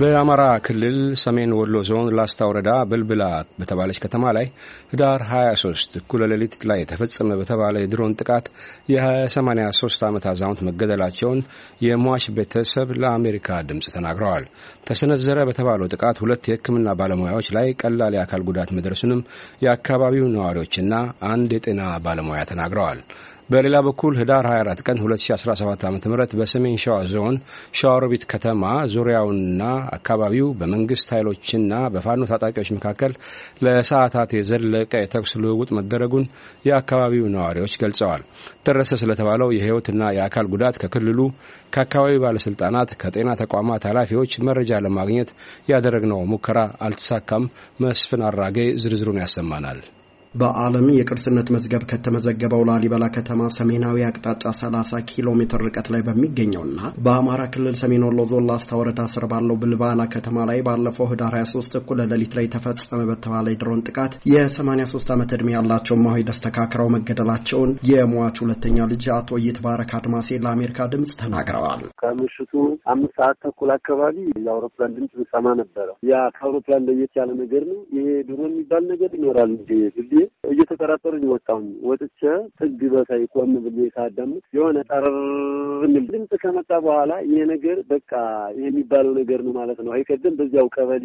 በአማራ ክልል ሰሜን ወሎ ዞን ላስታ ወረዳ ብልብላ በተባለች ከተማ ላይ ህዳር 23 እኩለ ሌሊት ላይ ተፈጸመ በተባለ የድሮን ጥቃት የ83 ዓመት አዛውንት መገደላቸውን የሟች ቤተሰብ ለአሜሪካ ድምፅ ተናግረዋል። ተሰነዘረ በተባለው ጥቃት ሁለት የሕክምና ባለሙያዎች ላይ ቀላል የአካል ጉዳት መድረሱንም የአካባቢው ነዋሪዎችና አንድ የጤና ባለሙያ ተናግረዋል። በሌላ በኩል ህዳር 24 ቀን 2017 ዓ ም በሰሜን ሸዋ ዞን ሸዋሮቢት ከተማ ዙሪያውና አካባቢው በመንግስት ኃይሎችና በፋኖ ታጣቂዎች መካከል ለሰዓታት የዘለቀ የተኩስ ልውውጥ መደረጉን የአካባቢው ነዋሪዎች ገልጸዋል። ደረሰ ስለተባለው የህይወትና የአካል ጉዳት ከክልሉ ከአካባቢው ባለስልጣናት፣ ከጤና ተቋማት ኃላፊዎች መረጃ ለማግኘት ያደረግነው ሙከራ አልተሳካም። መስፍን አራጌ ዝርዝሩን ያሰማናል። በዓለም የቅርስነት መዝገብ ከተመዘገበው ላሊበላ ከተማ ሰሜናዊ አቅጣጫ 30 ኪሎ ሜትር ርቀት ላይ በሚገኘውና በአማራ ክልል ሰሜን ወሎ ዞን ላስታ ወረዳ ስር ባለው ብልባላ ከተማ ላይ ባለፈው ህዳር 23 እኩለ ሌሊት ላይ ተፈጸመ በተባለ የድሮን ጥቃት የ83 ዓመት ዕድሜ ያላቸው ማሆይ ደስተካክረው መገደላቸውን የሟች ሁለተኛ ልጅ አቶ ይትባረክ አድማሴ ለአሜሪካ ድምፅ ተናግረዋል። ከምሽቱ አምስት ሰዓት ተኩል አካባቢ የአውሮፕላን ድምፅ ብሰማ ነበረ። ያ ከአውሮፕላን ለየት ያለ ነገር ነው። ይሄ ድሮን የሚባል ነገር ይኖራል እንዲ እየተጠራጠሩ ወጣሁኝ። ወጥቼ ጥግ በሳይ ቆም ብዬ ሳዳምጥ የሆነ ጠረር የሚል ድምፅ ከመጣ በኋላ ይሄ ነገር በቃ ይሄ የሚባለው ነገር ነው ማለት ነው። አይቀድም በዚያው ቀበሌ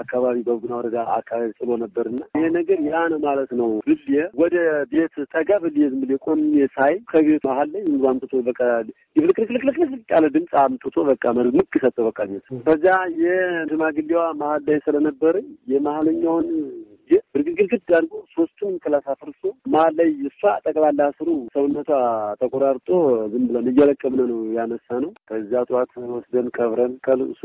አካባቢ በቡና ወረዳ አካባቢ ጥሎ ነበርና ይሄ ነገር ያ ነው ማለት ነው ብዬ ወደ ቤት ጠጋ ብዬ ዝም ብዬ ቆሜ ሳይ ከቤት መሀል ላይ ዝም ብሎ አምጥቶ በቃ ይብልክልክልክልክልክ ያለ ድምፅ አምጥቶ በቃ ምክ ሰጠው በቃ ቤት ከዚያ የሽማግሌዋ መሀል ላይ ስለነበረ የመሀለኛውን ብርግግልግድ አድርጎ ሶስት ሁለቱም ክላስ አፍርሶ መሀል ላይ እሷ ጠቅላላ ስሩ ሰውነቷ ተቆራርጦ ዝም ብለን እየለቀምነ ነው ያነሳ ነው። ከዚያ ጠዋት ወስደን ቀብረን ከልቅሶ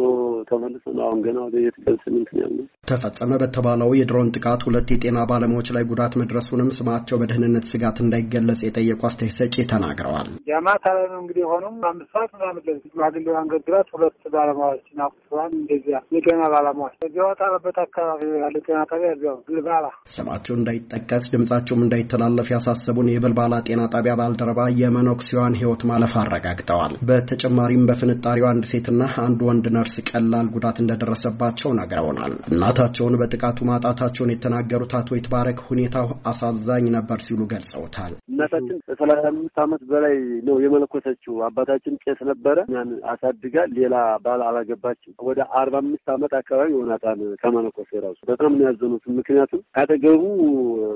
ተመልሰን አሁን ገና ወደ የትቀል ስምንት ያለ ተፈጸመ በተባለው የድሮን ጥቃት ሁለት የጤና ባለሙያዎች ላይ ጉዳት መድረሱንም ስማቸው በደህንነት ስጋት እንዳይገለጽ የጠየቁ አስተያየት ሰጪ ተናግረዋል። የማታ ላይ ነው እንግዲህ የሆነው አምስት ሰዓት ምናምን ማግሌ ሽማግሌው ግራት ሁለት ባለሙያዎችን አቁስሏል። እንደዚያ የጤና ባለሙያዎች እዚያ ወጣለበት አካባቢ ያለ ጤና ጣቢያ እዚያው ግልባላ ስማቸው እንዳይጠቀ ሳይጠቀስ ድምጻቸውም እንዳይተላለፍ ያሳሰቡን የብልባላ ጤና ጣቢያ ባልደረባ የመነኩሴዋን ህይወት ማለፍ አረጋግጠዋል። በተጨማሪም በፍንጣሪው አንድ ሴትና አንድ ወንድ ነርስ ቀላል ጉዳት እንደደረሰባቸው ነግረውናል። እናታቸውን በጥቃቱ ማጣታቸውን የተናገሩት አቶ ይትባረክ ሁኔታው አሳዛኝ ነበር ሲሉ ገልጸውታል። እናታችን ከሰላሳ አምስት ዓመት በላይ ነው የመለኮሰችው። አባታችን ቄስ ነበረ። እኛን አሳድጋ ሌላ ባል አላገባችም። ወደ አርባ አምስት ዓመት አካባቢ ይሆናታል ከመለኮሴ ራሱ። በጣም ነው ያዘኑት። ምክንያቱም ካጠገቡ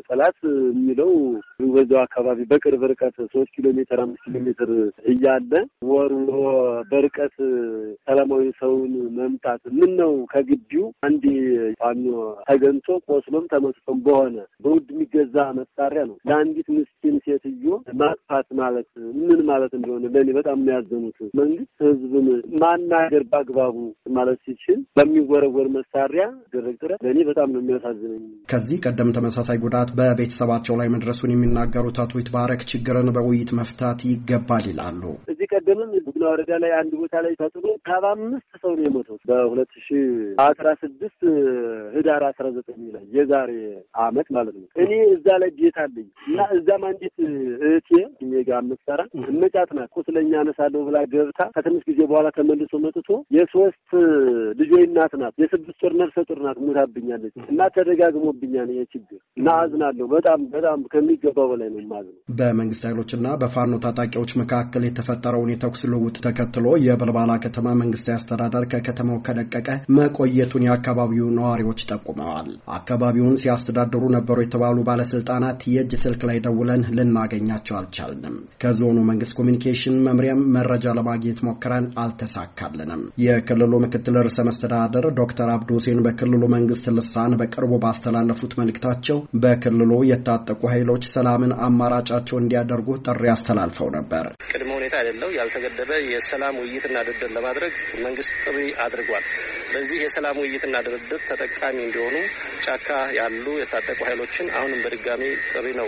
ጠላት የሚለው በዚያው አካባቢ በቅርብ ርቀት ሶስት ኪሎ ሜትር አምስት ኪሎ ሜትር እያለ ወርውሮ በርቀት ሰላማዊ ሰውን መምታት ምን ነው ከግቢው አንድ ፋኖ ተገንቶ ቆስሎም ተመስሎም በሆነ በውድ የሚገዛ መሳሪያ ነው ለአንዲት ምስኪን ሴትዮ ማጥፋት ማለት ምን ማለት እንደሆነ ለእኔ በጣም የሚያዘኑት መንግስት ህዝብን ማናገር በአግባቡ ማለት ሲችል በሚወረወር መሳሪያ ድርቅ ጥረት ለእኔ በጣም ነው የሚያሳዝነኝ። ከዚህ ቀደም ተመሳሳይ ጉዳት በቤተሰባቸው ላይ መድረሱን የሚና የተናገሩት አቶ ይትባረክ ችግርን በውይይት መፍታት ይገባል ይላሉ። ቀደምም ቡግና ወረዳ ላይ አንድ ቦታ ላይ ተጽዕኖ ከአባ አምስት ሰው ነው የሞተው በሁለት ሺ አስራ ስድስት ህዳር አስራ ዘጠኝ ላይ የዛሬ አመት ማለት ነው። እኔ እዛ ላይ ቤት አለኝ እና እዛም አንዲት እህቴ እኔ ጋር የምትሰራ እመጫት ናት። ቁስለኛ አነሳለሁ ብላ ገብታ ከትንሽ ጊዜ በኋላ ተመልሶ መጥቶ የሶስት ልጆች እናት ናት። የስድስት ወር ነፍሰ ጡር ናት። ሞታብኛለች እና ተደጋግሞብኛል ይሄ ችግር እና አዝናለሁ። በጣም በጣም ከሚገባው በላይ ነው የማዝነው። በመንግስት ኃይሎችና በፋኖ ታጣቂዎች መካከል የተፈጠረው የነበረውን የተኩስ ልውውጥ ተከትሎ የበልባላ ከተማ መንግስታዊ አስተዳደር ከከተማው ከለቀቀ መቆየቱን የአካባቢው ነዋሪዎች ጠቁመዋል። አካባቢውን ሲያስተዳድሩ ነበሩ የተባሉ ባለስልጣናት የእጅ ስልክ ላይ ደውለን ልናገኛቸው አልቻልንም። ከዞኑ መንግስት ኮሚኒኬሽን መምሪያም መረጃ ለማግኘት ሞክረን አልተሳካልንም። የክልሉ ምክትል ርዕሰ መስተዳደር ዶክተር አብዱ ሁሴን በክልሉ መንግስት ልሳን በቅርቡ ባስተላለፉት መልእክታቸው በክልሉ የታጠቁ ኃይሎች ሰላምን አማራጫቸው እንዲያደርጉ ጥሪ አስተላልፈው ነበር። ቅድመ ሁኔታ አይደለም ያልተገደበ የሰላም ውይይትና ድርድር ለማድረግ መንግስት ጥሪ አድርጓል። በዚህ የሰላም ውይይትና ድርድር ተጠቃሚ እንዲሆኑ ጫካ ያሉ የታጠቁ ኃይሎችን አሁንም በድጋሚ ጥሪ ነው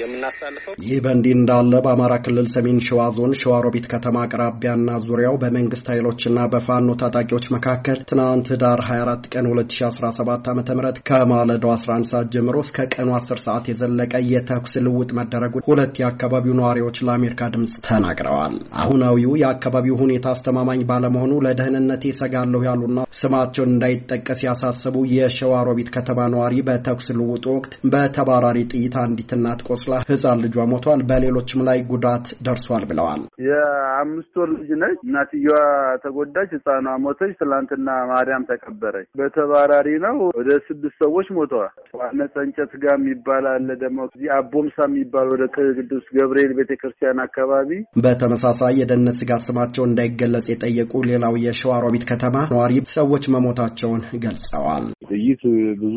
የምናስተላልፈው። ይህ በእንዲህ እንዳለ በአማራ ክልል ሰሜን ሸዋ ዞን ሸዋሮቢት ከተማ አቅራቢያና ዙሪያው በመንግስት ኃይሎችና በፋኖ ታጣቂዎች መካከል ትናንት ዳር 24 ቀን 2017 ዓ ም ከማለዳው 11 ሰዓት ጀምሮ እስከ ቀኑ 10 ሰዓት የዘለቀ የተኩስ ልውጥ መደረጉ ሁለት የአካባቢው ነዋሪዎች ለአሜሪካ ድምፅ ተናግረዋል። አሁናዊው የአካባቢው ሁኔታ አስተማማኝ ባለመሆኑ ለደህንነት ይሰጋለሁ ያሉና ስማቸውን እንዳይጠቀስ ያሳሰቡ የሸዋሮቢት ከተማ ነዋሪ በተኩስ ልውጡ ወቅት በተባራሪ ጥይት አንዲት እናት ቆስላ ህፃን ልጇ ሞቷል፣ በሌሎችም ላይ ጉዳት ደርሷል ብለዋል። የአምስት ወር ልጅ ነች። እናትየዋ ተጎዳች፣ ህፃኗ ሞተች። ትላንትና ማርያም ተቀበረች። በተባራሪ ነው። ወደ ስድስት ሰዎች ሞተዋል። ዋነጸ እንጨት ጋር የሚባል አለ። ደግሞ እዚህ አቦምሳ የሚባል ወደ ቅዱስ ገብርኤል ቤተክርስቲያን አካባቢ። በተመሳሳይ የደህንነት ስጋት ስማቸው እንዳይገለጽ የጠየቁ ሌላው የሸዋሮቢት ከተማ ነዋሪ ሰው ሰዎች መሞታቸውን ገልጸዋል። ጥይት ብዙ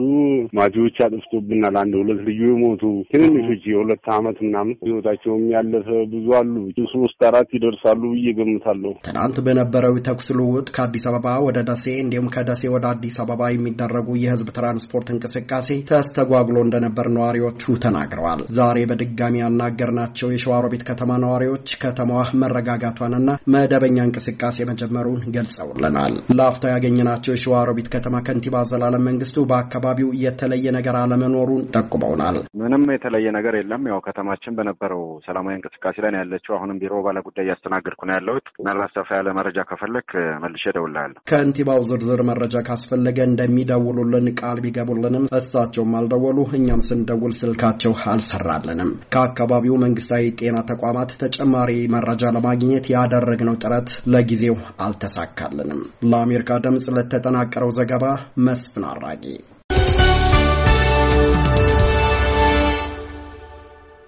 ማጂዎች አጥፍቶብናል። አንድ ሁለት ልዩ የሞቱ ትንንሾች የሁለት አመት ምናምን ህይወታቸውም ያለፈ ብዙ አሉ። ሶስት አራት ይደርሳሉ ብዬ ገምታለሁ። ትናንት በነበረው ተኩስ ልውውጥ ከአዲስ አበባ ወደ ደሴ እንዲሁም ከደሴ ወደ አዲስ አበባ የሚደረጉ የህዝብ ትራንስፖርት እንቅስቃሴ ተስተጓጉሎ እንደነበር ነዋሪዎቹ ተናግረዋል። ዛሬ በድጋሚ ያናገርናቸው የሸዋሮቢት ከተማ ነዋሪዎች ከተማዋ መረጋጋቷንና መደበኛ እንቅስቃሴ መጀመሩን ገልጸውልናል። ላፍታ ያገኘ ያገኘናቸው የሸዋሮቢት ከተማ ከንቲባ ዘላለም መንግስቱ በአካባቢው የተለየ ነገር አለመኖሩን ጠቁመውናል። ምንም የተለየ ነገር የለም። ያው ከተማችን በነበረው ሰላማዊ እንቅስቃሴ ላይ ያለችው። አሁንም ቢሮ ባለጉዳይ እያስተናገድኩ ነው ያለሁት። ምናልባት ሰፋ ያለ መረጃ ከፈለክ መልሼ እደውልልሃለሁ። ከንቲባው ዝርዝር መረጃ ካስፈለገ እንደሚደውሉልን ቃል ቢገቡልንም እሳቸውም አልደወሉ፣ እኛም ስንደውል ስልካቸው አልሰራልንም። ከአካባቢው መንግስታዊ ጤና ተቋማት ተጨማሪ መረጃ ለማግኘት ያደረግነው ጥረት ለጊዜው አልተሳካልንም። ለአሜሪካ ድምጽ ድምፅ ለተጠናቀረው ዘገባ መስፍን አራጌ